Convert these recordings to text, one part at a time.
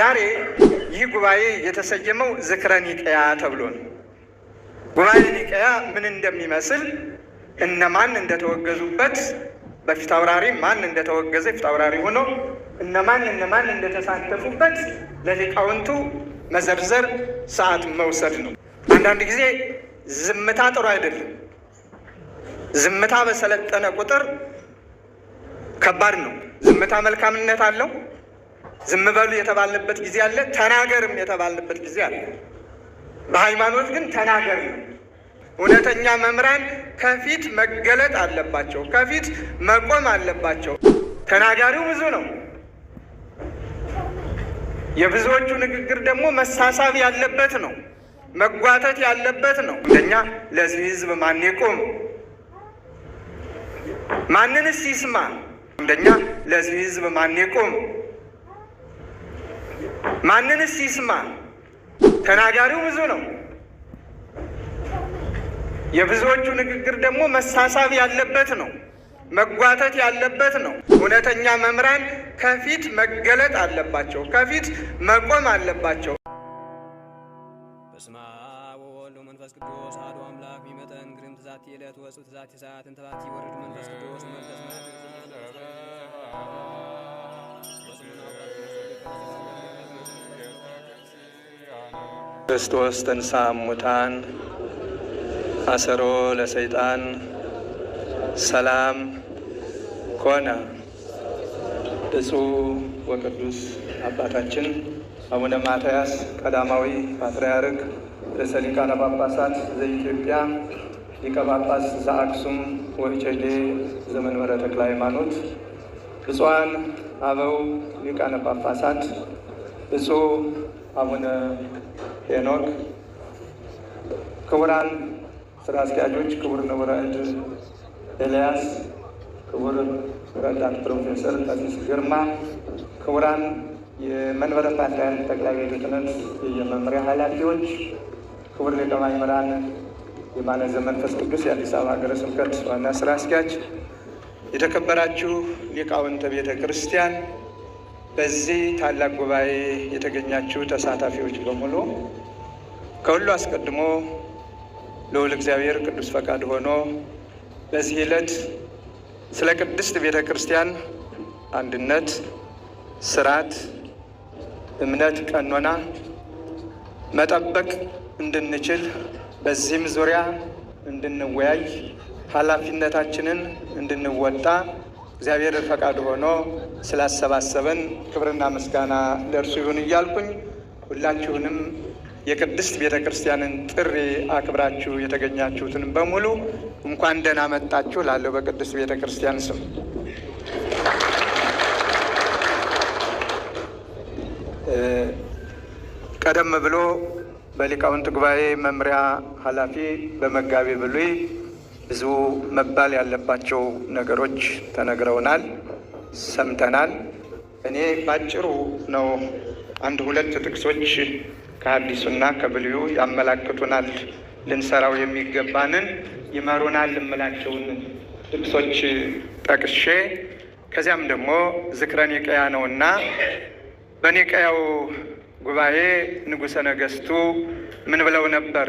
ዛሬ ይህ ጉባኤ የተሰየመው ዝክረ ኒቀያ ተብሎ ነው። ጉባኤ ኒቀያ ምን እንደሚመስል እነማን እንደተወገዙበት በፊት አውራሪ ማን እንደተወገዘ ፊት አውራሪ ሆኖ እነማን እነማን እንደተሳተፉበት ለሊቃውንቱ መዘርዘር ሰዓት መውሰድ ነው። አንዳንድ ጊዜ ዝምታ ጥሩ አይደለም። ዝምታ በሰለጠነ ቁጥር ከባድ ነው። ዝምታ መልካምነት አለው። ዝም በሉ የተባልንበት ጊዜ አለ። ተናገርም የተባልንበት ጊዜ አለ። በሃይማኖት ግን ተናገር ነው። እውነተኛ መምህራን ከፊት መገለጥ አለባቸው፣ ከፊት መቆም አለባቸው። ተናጋሪው ብዙ ነው። የብዙዎቹ ንግግር ደግሞ መሳሳብ ያለበት ነው፣ መጓተት ያለበት ነው። እንደኛ ለዚህ ህዝብ ማን ይቆም? ማንንስ ይስማ? እንደኛ ለዚህ ህዝብ ማን ይቆም? ማንንስ ይስማ? ተናጋሪው ብዙ ነው። የብዙዎቹ ንግግር ደግሞ መሳሳብ ያለበት ነው፣ መጓተት ያለበት ነው። እውነተኛ መምህራን ከፊት መገለጥ አለባቸው፣ ከፊት መቆም አለባቸው። በስመ አብ ወወልድ ወመንፈስ ቅዱስ አሐዱ አምላክ ቢመጠን ግርም መንፈስ ቅዱስ መንፈስ ክርስቶስ ተንሳ ሙታን አሰሮ ለሰይጣን ሰላም ኮነ። ብፁዕ ወቅዱስ አባታችን አቡነ ማትያስ ቀዳማዊ ፓትርያርክ ርእሰ ሊቃነ ጳጳሳት ዘኢትዮጵያ ሊቀ ጳጳስ ዘአክሱም ወእጨጌ ዘመንበረ ተክለ ሃይማኖት፣ ብፁዓን አበው ሊቃነ ጳጳሳት፣ ብፁዕ አቡነ ሄኖክ፣ ክቡራን ስራ አስኪያጆች፣ ክቡር ንቡረእድ ኤልያስ፣ ክቡር ረዳት ፕሮፌሰር ቀሲስ ግርማ፣ ክቡራን የመንበረ ፓትርያርክ ጠቅላይ ቤተ ክህነት የመምሪያ ኃላፊዎች፣ ክቡር ሊቀ ማእምራን የማነ ዘመንፈስ ቅዱስ የአዲስ አበባ ሀገረ ስብከት ዋና ስራ አስኪያጅ፣ የተከበራችሁ ሊቃውንተ ቤተ ክርስቲያን በዚህ ታላቅ ጉባኤ የተገኛችሁ ተሳታፊዎች በሙሉ ከሁሉ አስቀድሞ ልዑል እግዚአብሔር ቅዱስ ፈቃድ ሆኖ በዚህ ዕለት ስለ ቅድስት ቤተ ክርስቲያን አንድነት፣ ስርዓት፣ እምነት፣ ቀኖና መጠበቅ እንድንችል በዚህም ዙሪያ እንድንወያይ ኃላፊነታችንን እንድንወጣ እግዚአብሔር ፈቃድ ሆኖ ስላሰባሰበን ክብርና ምስጋና ለእርሱ ይሁን እያልኩኝ ሁላችሁንም የቅድስት ቤተ ክርስቲያንን ጥሪ አክብራችሁ የተገኛችሁትን በሙሉ እንኳን ደህና መጣችሁ ላለው በቅድስት ቤተ ክርስቲያን ስም ቀደም ብሎ በሊቃውንት ጉባኤ መምሪያ ኃላፊ በመጋቤ ብሉይ ብዙ መባል ያለባቸው ነገሮች ተነግረውናል፣ ሰምተናል። እኔ ባጭሩ ነው አንድ ሁለት ጥቅሶች ከአዲሱና ከብልዩ ያመላክቱናል ልንሰራው የሚገባንን ይመሩናል እምላቸውን ጥቅሶች ጠቅሼ ከዚያም ደግሞ ዝክረ ኒቀያ ነውና በኒቀያው ጉባኤ ንጉሠ ነገሥቱ ምን ብለው ነበር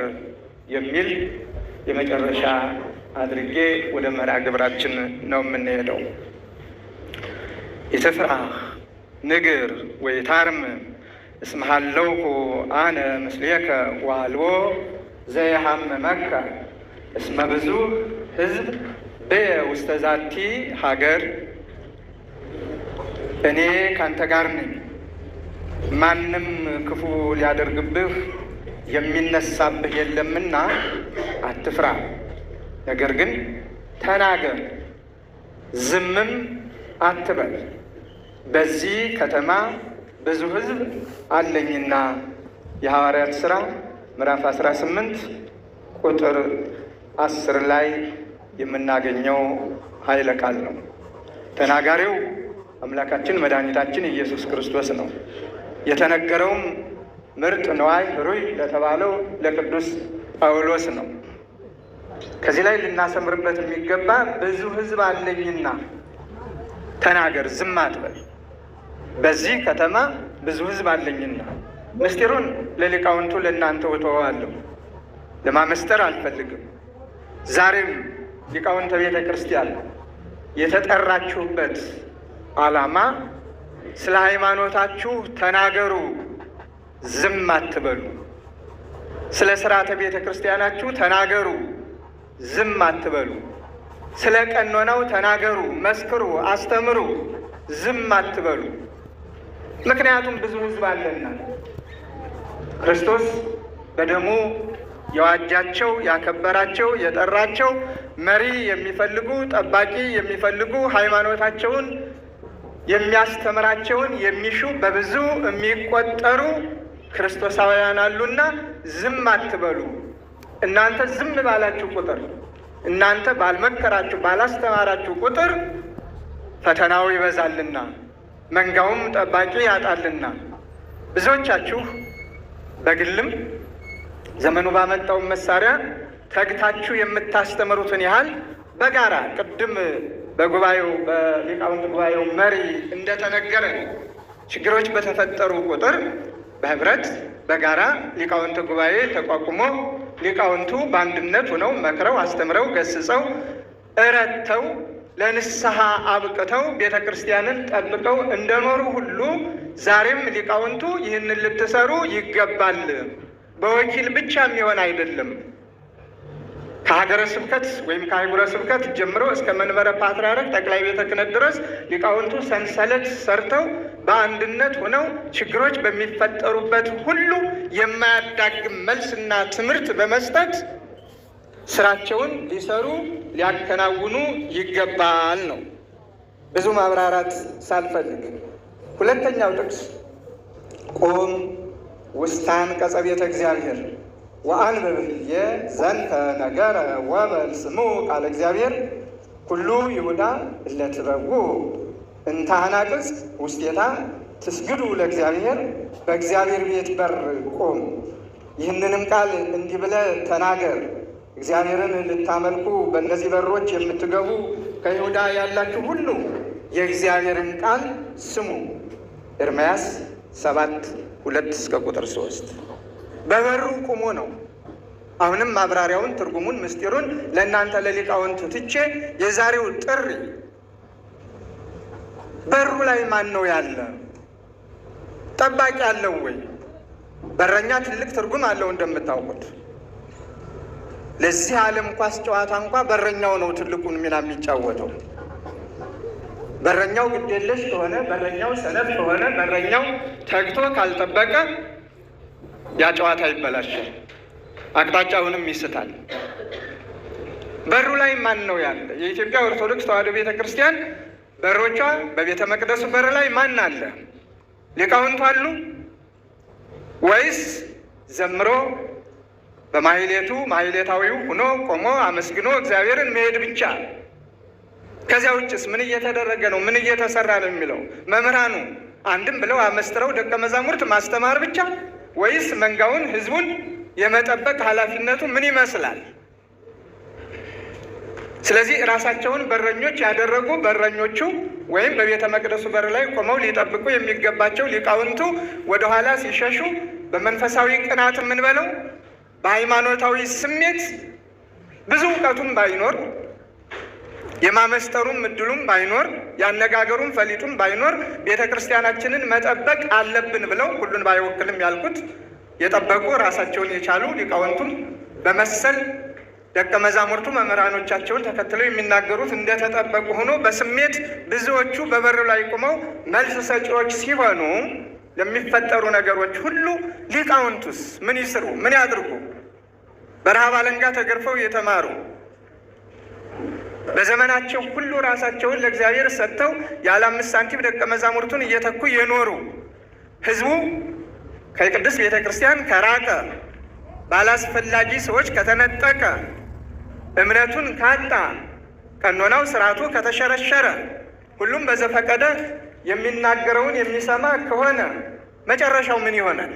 የሚል የመጨረሻ አድርጌ ወደ መርሃ ግብራችን ነው የምንሄደው። ኢትፍራ ንግር ወይ ታርም ሀለውኩ አነ ምስሌከ ወሀልቦ ዘየሐምመከ እስመ ህዝብ ሕዝብ በውስተ ዛቲ ሀገር። እኔ ካንተ ጋር ነኝ፣ ማንም ክፉ ሊያደርግብህ የሚነሳብህ የለምና አትፍራ። ነገር ግን ተናገር፣ ዝምም አትበል። በዚህ ከተማ ብዙ ሕዝብ አለኝና። የሐዋርያት ሥራ ምዕራፍ 18 ቁጥር አስር ላይ የምናገኘው ኃይለ ቃል ነው። ተናጋሪው አምላካችን መድኃኒታችን ኢየሱስ ክርስቶስ ነው። የተነገረውም ምርጥ ነዋይ ሩይ ለተባለው ለቅዱስ ጳውሎስ ነው። ከዚህ ላይ ልናሰምርበት የሚገባ ብዙ ህዝብ አለኝና ተናገር፣ ዝም አትበል። በዚህ ከተማ ብዙ ህዝብ አለኝና ምስጢሩን ለሊቃውንቱ ለእናንተ እተወዋለሁ፣ ለማመስጠር አልፈልግም። ዛሬም ሊቃውንተ ቤተ ክርስቲያን የተጠራችሁበት ዓላማ ስለ ሃይማኖታችሁ ተናገሩ ዝም አትበሉ። ስለ ስርዓተ ቤተ ክርስቲያናችሁ ተናገሩ፣ ዝም አትበሉ። ስለ ቀኖናው ተናገሩ፣ መስክሩ፣ አስተምሩ፣ ዝም አትበሉ። ምክንያቱም ብዙ ህዝብ አለና ክርስቶስ በደሙ የዋጃቸው ያከበራቸው የጠራቸው መሪ የሚፈልጉ ጠባቂ የሚፈልጉ ሃይማኖታቸውን የሚያስተምራቸውን የሚሹ በብዙ የሚቆጠሩ ክርስቶሳውያን አሉና ዝም አትበሉ። እናንተ ዝም ባላችሁ ቁጥር፣ እናንተ ባልመከራችሁ ባላስተማራችሁ ቁጥር ፈተናው ይበዛልና መንጋውም ጠባቂ ያጣልና ብዙዎቻችሁ በግልም ዘመኑ ባመጣውን መሳሪያ ተግታችሁ የምታስተምሩትን ያህል በጋራ ቅድም በጉባኤው በሊቃውንት ጉባኤው መሪ እንደተነገረ ችግሮች በተፈጠሩ ቁጥር በህብረት በጋራ ሊቃውንት ጉባኤ ተቋቁሞ ሊቃውንቱ በአንድነት ሆነው መክረው አስተምረው ገስጸው እረተው ለንስሐ አብቅተው ቤተ ክርስቲያንን ጠብቀው እንደኖሩ ሁሉ ዛሬም ሊቃውንቱ ይህንን ልትሰሩ ይገባል። በወኪል ብቻ የሚሆን አይደለም። ከሀገረ ስብከት ወይም ከአህጉረ ስብከት ጀምሮ እስከ መንበረ ፓትርያርክ ጠቅላይ ቤተ ክህነት ድረስ ሊቃውንቱ ሰንሰለት ሰርተው በአንድነት ሆነው ችግሮች በሚፈጠሩበት ሁሉ የማያዳግም መልስና ትምህርት በመስጠት ስራቸውን ሊሰሩ ሊያከናውኑ ይገባል ነው። ብዙ ማብራራት ሳልፈልግ ሁለተኛው ጥቅስ ቆም ውስታን ቀጸ ቤተ እግዚአብሔር ወአንብብ ብዬ ዘንተ ነገረ ወበል ስሙ ቃለ እግዚአብሔር ሁሉ ይሁዳ እለ ትበጉ እንተ ውስጤታ ትስግዱ ለእግዚአብሔር በእግዚአብሔር ቤት በር ቁም። ይህንንም ቃል እንዲህ ብለህ ተናገር፣ እግዚአብሔርን ልታመልኩ በእነዚህ በሮች የምትገቡ ከይሁዳ ያላችሁ ሁሉ የእግዚአብሔርን ቃል ስሙ። ኤርምያስ ሰባት ሁለት እስከ ቁጥር ሶስት በበሩ ቆሞ ነው። አሁንም ማብራሪያውን ትርጉሙን ምስጢሩን ለእናንተ ለሊቃውንት ትቼ የዛሬው ጥሪ በሩ ላይ ማን ነው ያለ? ጠባቂ አለው ወይ? በረኛ ትልቅ ትርጉም አለው እንደምታውቁት። ለዚህ ዓለም ኳስ ጨዋታ እንኳ በረኛው ነው ትልቁን ሚና የሚጫወተው። በረኛው ግዴለሽ ከሆነ፣ በረኛው ሰነፍ ከሆነ፣ በረኛው ተግቶ ካልጠበቀ ያ ጨዋታ ይበላሻል፣ አቅጣጫውንም ይስታል። በሩ ላይ ማን ነው ያለ? የኢትዮጵያ ኦርቶዶክስ ተዋሕዶ ቤተ ክርስቲያን በሮቿ በቤተ መቅደሱ በር ላይ ማን አለ? ሊቃውንቱ አሉ ወይስ ዘምሮ በማይሌቱ ማህሌታዊው ሆኖ ቆሞ አመስግኖ እግዚአብሔርን መሄድ ብቻ? ከዚያ ውጭስ ምን እየተደረገ ነው? ምን እየተሰራ ነው የሚለው መምህራኑ አንድም ብለው አመስጥረው ደቀ መዛሙርት ማስተማር ብቻ ወይስ መንጋውን ህዝቡን የመጠበቅ ኃላፊነቱ ምን ይመስላል? ስለዚህ ራሳቸውን በረኞች ያደረጉ በረኞቹ ወይም በቤተ መቅደሱ በር ላይ ቆመው ሊጠብቁ የሚገባቸው ሊቃውንቱ ወደኋላ ሲሸሹ በመንፈሳዊ ቅናት የምንበለው በሃይማኖታዊ ስሜት ብዙ እውቀቱም ባይኖር የማመስጠሩም እድሉም ባይኖር ያነጋገሩም ፈሊጡም ባይኖር ቤተ ክርስቲያናችንን መጠበቅ አለብን ብለው ሁሉን ባይወክልም ያልኩት የጠበቁ ራሳቸውን የቻሉ ሊቃውንቱም በመሰል ደቀ መዛሙርቱ መምህራኖቻቸውን ተከትለው የሚናገሩት እንደተጠበቁ ሆኖ በስሜት ብዙዎቹ በበሩ ላይ ቆመው መልስ ሰጪዎች ሲሆኑ ለሚፈጠሩ ነገሮች ሁሉ ሊቃውንቱስ ምን ይስሩ? ምን ያድርጉ? በረሃብ አለንጋ ተገርፈው የተማሩ በዘመናቸው ሁሉ ራሳቸውን ለእግዚአብሔር ሰጥተው ያለ አምስት ሳንቲም ደቀ መዛሙርቱን እየተኩ የኖሩ ህዝቡ ከቅድስት ቤተ ክርስቲያን ከራቀ፣ ባላስፈላጊ ሰዎች ከተነጠቀ፣ እምነቱን ካጣ፣ ቀኖናው ስርዓቱ ከተሸረሸረ፣ ሁሉም በዘፈቀደ የሚናገረውን የሚሰማ ከሆነ መጨረሻው ምን ይሆናል?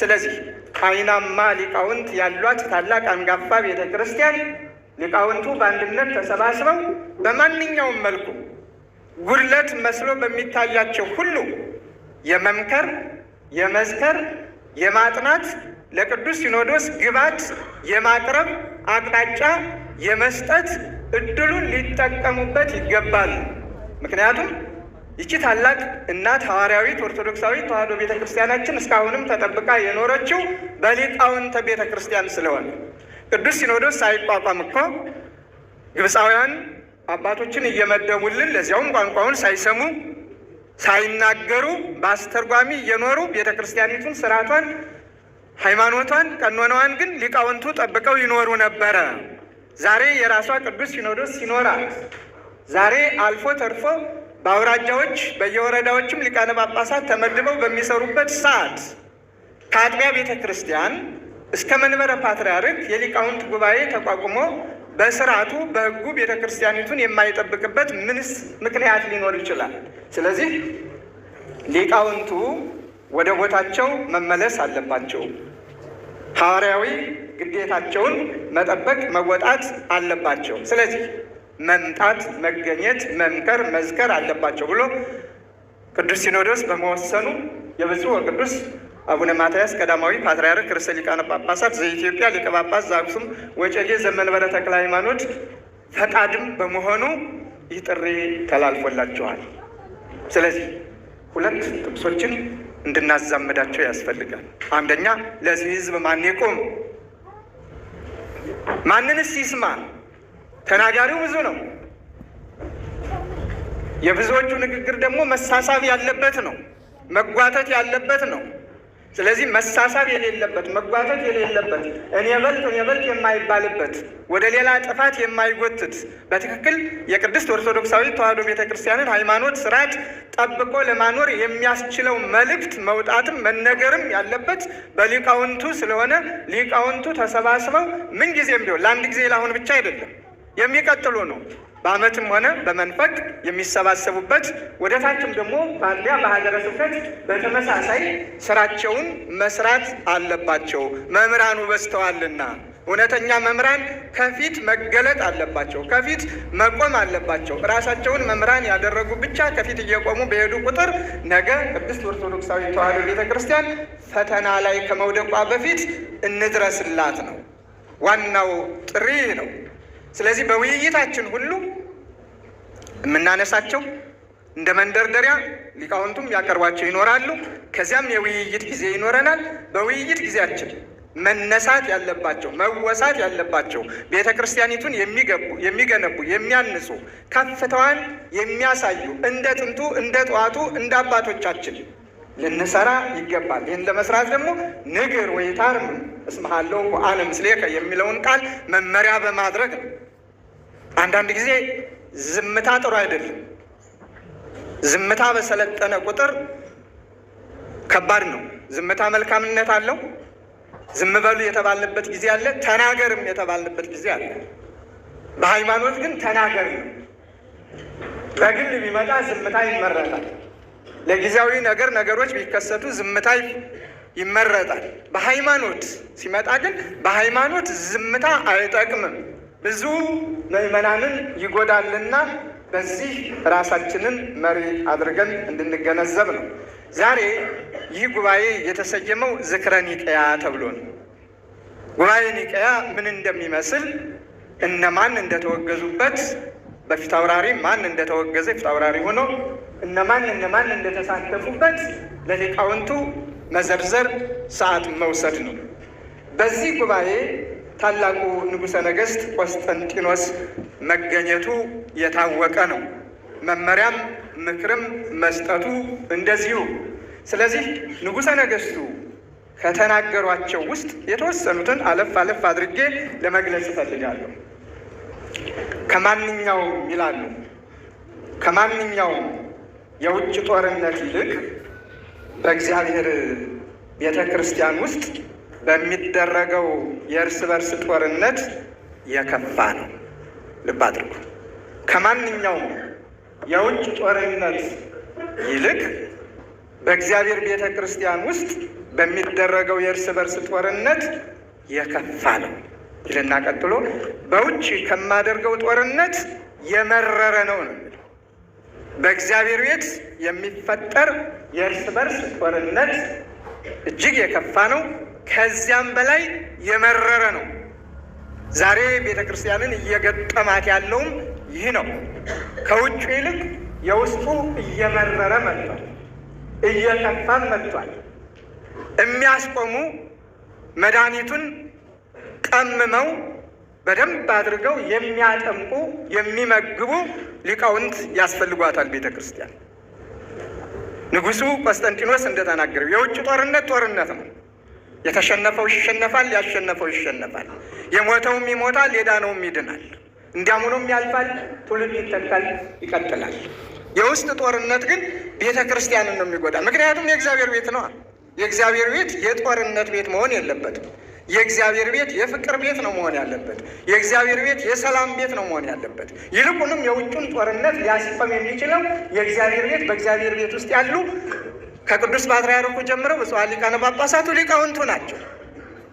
ስለዚህ አይናማ ሊቃውንት ያሏት ታላቅ አንጋፋ ቤተ ክርስቲያን ሊቃውንቱ በአንድነት ተሰባስበው በማንኛውም መልኩ ጉድለት መስሎ በሚታያቸው ሁሉ የመምከር፣ የመዝከር፣ የማጥናት ለቅዱስ ሲኖዶስ ግባት የማቅረብ አቅጣጫ የመስጠት እድሉን ሊጠቀሙበት ይገባል። ምክንያቱም ይቺ ታላቅ እናት ሐዋርያዊት ኦርቶዶክሳዊት ተዋሕዶ ቤተ ክርስቲያናችን እስካሁንም ተጠብቃ የኖረችው በሊቃውንተ ቤተ ክርስቲያን ስለሆነ ቅዱስ ሲኖዶስ ሳይቋቋም እኮ ግብፃውያን አባቶችን እየመደቡልን ለዚያውም ቋንቋውን ሳይሰሙ ሳይናገሩ በአስተርጓሚ እየኖሩ ቤተ ክርስቲያኒቱን ስርዓቷን፣ ሃይማኖቷን፣ ቀኖናዋን ግን ሊቃውንቱ ጠብቀው ይኖሩ ነበረ። ዛሬ የራሷ ቅዱስ ሲኖዶስ ይኖራል ዛሬ አልፎ ተርፎ በአውራጃዎች በየወረዳዎችም ሊቃነ ጳጳሳት ተመድበው በሚሰሩበት ሰዓት ከአጥቢያ ቤተ ክርስቲያን እስከ መንበረ ፓትርያርክ የሊቃውንት ጉባኤ ተቋቁሞ በስርዓቱ በህጉ ቤተ ክርስቲያኒቱን የማይጠብቅበት ምንስ ምክንያት ሊኖር ይችላል? ስለዚህ ሊቃውንቱ ወደ ቦታቸው መመለስ አለባቸው። ሐዋርያዊ ግዴታቸውን መጠበቅ መወጣት አለባቸው። ስለዚህ መምጣት፣ መገኘት፣ መምከር፣ መዝከር አለባቸው ብሎ ቅዱስ ሲኖዶስ በመወሰኑ የብፁዕ ወቅዱስ አቡነ ማትያስ ቀዳማዊ ፓትርያርክ ርእሰ ሊቃነ ጳጳሳት ዘኢትዮጵያ ሊቀ ጳጳስ ዘአክሱም ወዕጨጌ ዘመንበረ ተክለ ሃይማኖት ፈቃድም በመሆኑ ይህ ጥሪ ተላልፎላችኋል። ስለዚህ ሁለት ጥቅሶችን እንድናዛመዳቸው ያስፈልጋል። አንደኛ ለዚህ ህዝብ ማን ይቁም? ማንንስ ይስማ? ተናጋሪው ብዙ ነው። የብዙዎቹ ንግግር ደግሞ መሳሳብ ያለበት ነው፣ መጓተት ያለበት ነው። ስለዚህ መሳሳብ የሌለበት መጓተት የሌለበት እኔ በልጥ እኔ በልጥ የማይባልበት ወደ ሌላ ጥፋት የማይጎትት በትክክል የቅድስት ኦርቶዶክሳዊ ተዋህዶ ቤተክርስቲያንን ሃይማኖት ስርዓት ጠብቆ ለማኖር የሚያስችለው መልእክት መውጣትም መነገርም ያለበት በሊቃውንቱ ስለሆነ ሊቃውንቱ ተሰባስበው ምን ጊዜም ቢሆን ለአንድ ጊዜ ለአሁን ብቻ አይደለም የሚቀጥሉ ነው። በአመትም ሆነ በመንፈቅ የሚሰባሰቡበት ወደታችም ደግሞ ባሊያ በሀገረ ስብከት በተመሳሳይ ስራቸውን መስራት አለባቸው። መምህራኑ በዝተዋልና እውነተኛ መምህራን ከፊት መገለጥ አለባቸው፣ ከፊት መቆም አለባቸው። ራሳቸውን መምህራን ያደረጉ ብቻ ከፊት እየቆሙ በሄዱ ቁጥር ነገ ቅድስት ኦርቶዶክሳዊ ተዋሕዶ ቤተ ክርስቲያን ፈተና ላይ ከመውደቋ በፊት እንድረስላት ነው ዋናው ጥሪ ነው። ስለዚህ በውይይታችን ሁሉ የምናነሳቸው እንደ መንደርደሪያ ሊቃውንቱም ያቀርቧቸው ይኖራሉ። ከዚያም የውይይት ጊዜ ይኖረናል። በውይይት ጊዜያችን መነሳት ያለባቸው መወሳት ያለባቸው ቤተ ክርስቲያኒቱን የሚገቡ የሚገነቡ የሚያንጹ ከፍታዋን የሚያሳዩ እንደ ጥንቱ እንደ ጠዋቱ እንደ አባቶቻችን ልንሰራ ይገባል። ይህን ለመስራት ደግሞ ንግር ወይታርም እስመሃለው አነ ምስሌከ የሚለውን ቃል መመሪያ በማድረግ ነው። አንዳንድ ጊዜ ዝምታ ጥሩ አይደለም። ዝምታ በሰለጠነ ቁጥር ከባድ ነው። ዝምታ መልካምነት አለው። ዝም በሉ የተባልንበት ጊዜ አለ። ተናገርም የተባልንበት ጊዜ አለ። በሃይማኖት ግን ተናገር ነው። በግል ቢመጣ ዝምታ ይመረጣል። ለጊዜያዊ ነገር ነገሮች ቢከሰቱ ዝምታ ይመረጣል። በሃይማኖት ሲመጣ ግን በሃይማኖት ዝምታ አይጠቅምም። ብዙ ምዕመናንን ይጎዳልና በዚህ ራሳችንን መሪ አድርገን እንድንገነዘብ ነው። ዛሬ ይህ ጉባኤ የተሰየመው ዝክረ ኒቀያ ተብሎ ነው። ጉባኤ ኒቀያ ምን እንደሚመስል እነማን እንደተወገዙበት በፊት አውራሪ ማን እንደተወገዘ ፊት አውራሪ ሆኖ እነማን እነማን እንደተሳተፉበት ለሊቃውንቱ መዘርዘር ሰዓት መውሰድ ነው። በዚህ ጉባኤ ታላቁ ንጉሠ ነገሥት ቆስጠንጢኖስ መገኘቱ የታወቀ ነው። መመሪያም ምክርም መስጠቱ እንደዚሁ። ስለዚህ ንጉሠ ነገሥቱ ከተናገሯቸው ውስጥ የተወሰኑትን አለፍ አለፍ አድርጌ ለመግለጽ እፈልጋለሁ። ከማንኛውም ይላሉ ከማንኛውም የውጭ ጦርነት ይልቅ በእግዚአብሔር ቤተ ክርስቲያን ውስጥ በሚደረገው የእርስ በርስ ጦርነት የከፋ ነው። ልብ አድርጉ። ከማንኛውም የውጭ ጦርነት ይልቅ በእግዚአብሔር ቤተ ክርስቲያን ውስጥ በሚደረገው የእርስ በርስ ጦርነት የከፋ ነው ይልና ቀጥሎ በውጭ ከማደርገው ጦርነት የመረረ ነው ነው በእግዚአብሔር ቤት የሚፈጠር የእርስ በርስ ጦርነት እጅግ የከፋ ነው። ከዚያም በላይ የመረረ ነው። ዛሬ ቤተ ክርስቲያንን እየገጠማት ያለውም ይህ ነው። ከውጭ ይልቅ የውስጡ እየመረረ መጥቷል፣ እየከፋም መጥቷል። የሚያስቆሙ መድኃኒቱን ቀምመው በደንብ አድርገው የሚያጠምቁ የሚመግቡ ሊቃውንት ያስፈልጓታል ቤተ ክርስቲያን። ንጉሱ ቆስጠንጢኖስ እንደተናገረው የውጭ ጦርነት ጦርነት ነው። የተሸነፈው ይሸነፋል፣ ያሸነፈው ይሸነፋል፣ የሞተውም ይሞታል፣ የዳነውም ይድናል። እንዲያምኑም ያልፋል፣ ትውልድ ይተካል፣ ይቀጥላል። የውስጥ ጦርነት ግን ቤተ ክርስቲያንን ነው የሚጎዳ። ምክንያቱም የእግዚአብሔር ቤት ነዋ። የእግዚአብሔር ቤት የጦርነት ቤት መሆን የለበትም። የእግዚአብሔር ቤት የፍቅር ቤት ነው መሆን ያለበት። የእግዚአብሔር ቤት የሰላም ቤት ነው መሆን ያለበት። ይልቁንም የውጩን ጦርነት ሊያስፈም የሚችለው የእግዚአብሔር ቤት በእግዚአብሔር ቤት ውስጥ ያሉ ከቅዱስ ፓትርያርኩ ጀምረው ብፁዓን ሊቃነ ጳጳሳቱ ሊቃውንቱ ናቸው።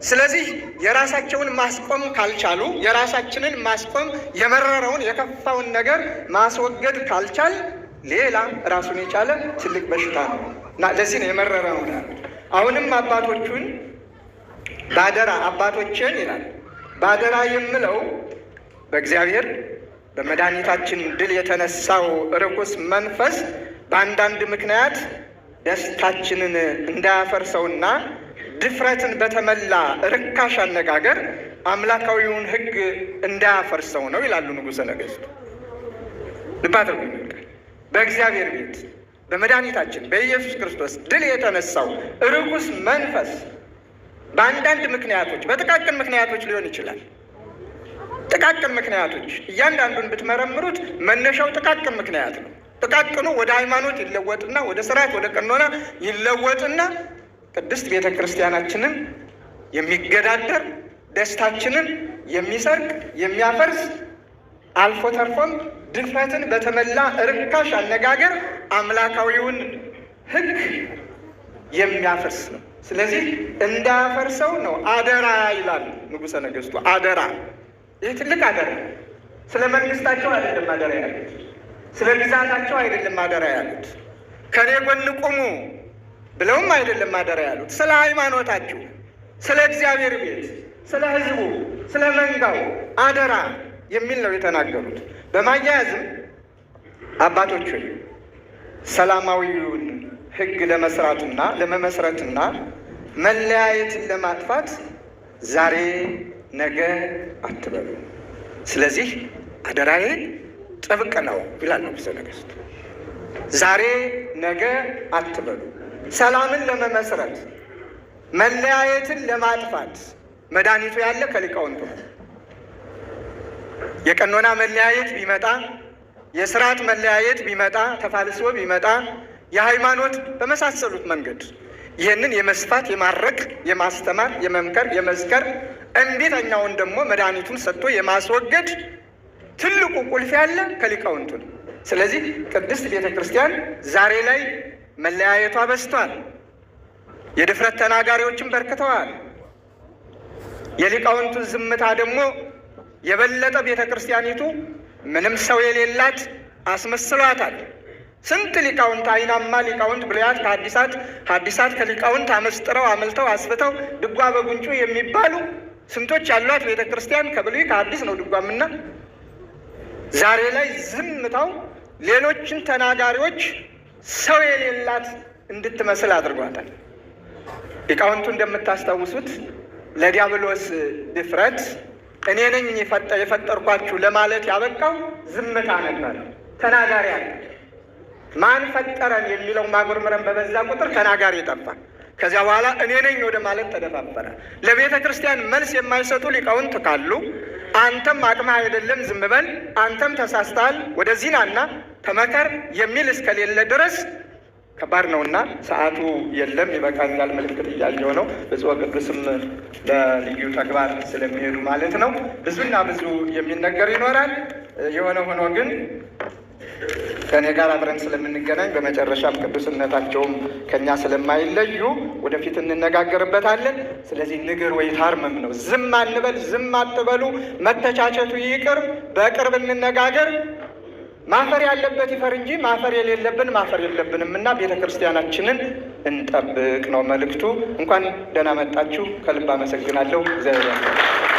ስለዚህ የራሳቸውን ማስቆም ካልቻሉ የራሳችንን ማስቆም የመረረውን የከፋውን ነገር ማስወገድ ካልቻል ሌላ ራሱን የቻለ ትልቅ በሽታ ነው እና ለዚህ ነው የመረረው። አሁንም አባቶቹን ባደራ አባቶችን ይላል። ባደራ የምለው በእግዚአብሔር በመድኃኒታችን ድል የተነሳው ርኩስ መንፈስ በአንዳንድ ምክንያት ደስታችንን እንዳያፈርሰውና ድፍረትን በተሞላ ርካሽ አነጋገር አምላካዊውን ሕግ እንዳያፈርሰው ነው ይላሉ ንጉሠ ነገሥቱ። ልብ አድርጉ። በእግዚአብሔር ቤት በመድኃኒታችን በኢየሱስ ክርስቶስ ድል የተነሳው ርኩስ መንፈስ በአንዳንድ ምክንያቶች፣ በጥቃቅን ምክንያቶች ሊሆን ይችላል። ጥቃቅን ምክንያቶች እያንዳንዱን ብትመረምሩት መነሻው ጥቃቅን ምክንያት ነው። ጥቃቅኑ ወደ ሃይማኖት ይለወጥና ወደ ስርዓት ወደ ቀኖና ይለወጥና ቅድስት ቤተ ክርስቲያናችንን የሚገዳደር ደስታችንን የሚሰርቅ የሚያፈርስ አልፎ ተርፎም ድፍረትን በተሞላ ርካሽ አነጋገር አምላካዊውን ሕግ የሚያፈርስ ነው። ስለዚህ እንዳያፈርሰው ነው አደራ ይላሉ ንጉሠ ነገሥቱ። አደራ ይህ ትልቅ አደራ፣ ስለ መንግስታቸው አይደለም አደራ ያለ ስለ ብዛታቸው አይደለም አደራ ያሉት፣ ከኔ ጎን ቁሙ ብለውም አይደለም አደራ ያሉት። ስለ ሃይማኖታችሁ፣ ስለ እግዚአብሔር ቤት፣ ስለ ህዝቡ ስለ መንጋው አደራ የሚል ነው የተናገሩት። በማያያዝም አባቶች ሆይ ሰላማዊውን ህግ ለመስራትና ለመመስረትና መለያየትን ለማጥፋት ዛሬ ነገ አትበሉ። ስለዚህ አደራዬ ጥብቅ ነው ይላል ንጉሠ ነገሥት። ዛሬ ነገ አትበሉ። ሰላምን ለመመስረት መለያየትን ለማጥፋት መድኃኒቱ ያለ ከሊቃውንቱ የቀኖና መለያየት ቢመጣ የስርዓት መለያየት ቢመጣ ተፋልሶ ቢመጣ የሃይማኖት በመሳሰሉት መንገድ ይህንን የመስፋት የማድረግ የማስተማር የመምከር የመዝከር እንዴተኛውን ደግሞ መድኃኒቱን ሰጥቶ የማስወገድ ትልቁ ቁልፍ ያለ ከሊቃውንቱ ነው። ስለዚህ ቅድስት ቤተ ክርስቲያን ዛሬ ላይ መለያየቷ በስቷል። የድፍረት ተናጋሪዎችን በርክተዋል። የሊቃውንቱ ዝምታ ደግሞ የበለጠ ቤተ ክርስቲያኒቱ ምንም ሰው የሌላት አስመስሏታል። ስንት ሊቃውንት አይናማ ሊቃውንት ብሉያት ከሐዲሳት ሐዲሳት ከሊቃውንት አመስጥረው አመልተው አስብተው ድጓ በጉንጩ የሚባሉ ስንቶች ያሏት ቤተ ክርስቲያን ከብሉይ ከአዲስ ነው ድጓምና ዛሬ ላይ ዝምታው ሌሎችን ተናጋሪዎች ሰው የሌላት እንድትመስል አድርጓታል። ሊቃውንቱ እንደምታስታውሱት ለዲያብሎስ ድፍረት እኔ ነኝ የፈጠርኳችሁ ለማለት ያበቃው ዝምታ ነበር። ተናጋሪ አለ። ማን ፈጠረን የሚለው ማጉርምረን በበዛ ቁጥር ተናጋሪ ጠፋ። ከዚያ በኋላ እኔ ነኝ ወደ ማለት ተደፋፈረ። ለቤተ ክርስቲያን መልስ የማይሰጡ ሊቃውንት ካሉ አንተም አቅምህ አይደለም ዝም በል አንተም ተሳስተሃል ወደዚህ ናና ተመከር የሚል እስከሌለ ድረስ ከባድ ነውና ሰዓቱ የለም ይበቃኛል። ምልክት እያየው ነው። ብፁዕ ቅዱስም ለልዩ ተግባር ስለሚሄዱ ማለት ነው። ብዙና ብዙ የሚነገር ይኖራል። የሆነ ሆኖ ግን ከእኔ ጋር አብረን ስለምንገናኝ በመጨረሻም ቅዱስነታቸውም ከእኛ ስለማይለዩ ወደፊት እንነጋገርበታለን። ስለዚህ ንግር ወይ ታርመም ነው። ዝም አንበል፣ ዝም አትበሉ። መተቻቸቱ ይቅር፣ በቅርብ እንነጋገር። ማፈር ያለበት ይፈር እንጂ ማፈር የሌለብን ማፈር የለብንም እና ቤተ ክርስቲያናችንን እንጠብቅ ነው መልእክቱ። እንኳን ደህና መጣችሁ። ከልብ አመሰግናለሁ። እግዚአብሔር